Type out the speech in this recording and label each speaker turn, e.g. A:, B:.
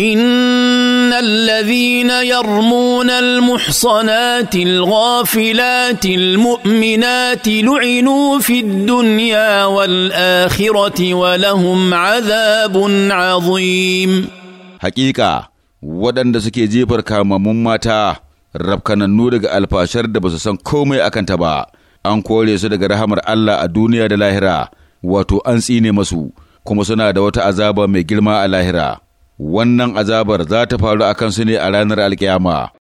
A: ان الذين يرمون المحصنات الغافلات المؤمنات لعنوا في الدنيا والاخره ولهم عذاب عظيم
B: حقيقه waɗanda suke jefar kamamun mata rafkanannu daga alfashar da ba su san komai akanta ba an kore su daga rahamar Allah a duniya da lahira wato an tsine masu kuma suna da wata azaba mai girma a lahira wannan azabar za ta faru a kansu ne a ranar alkiyama.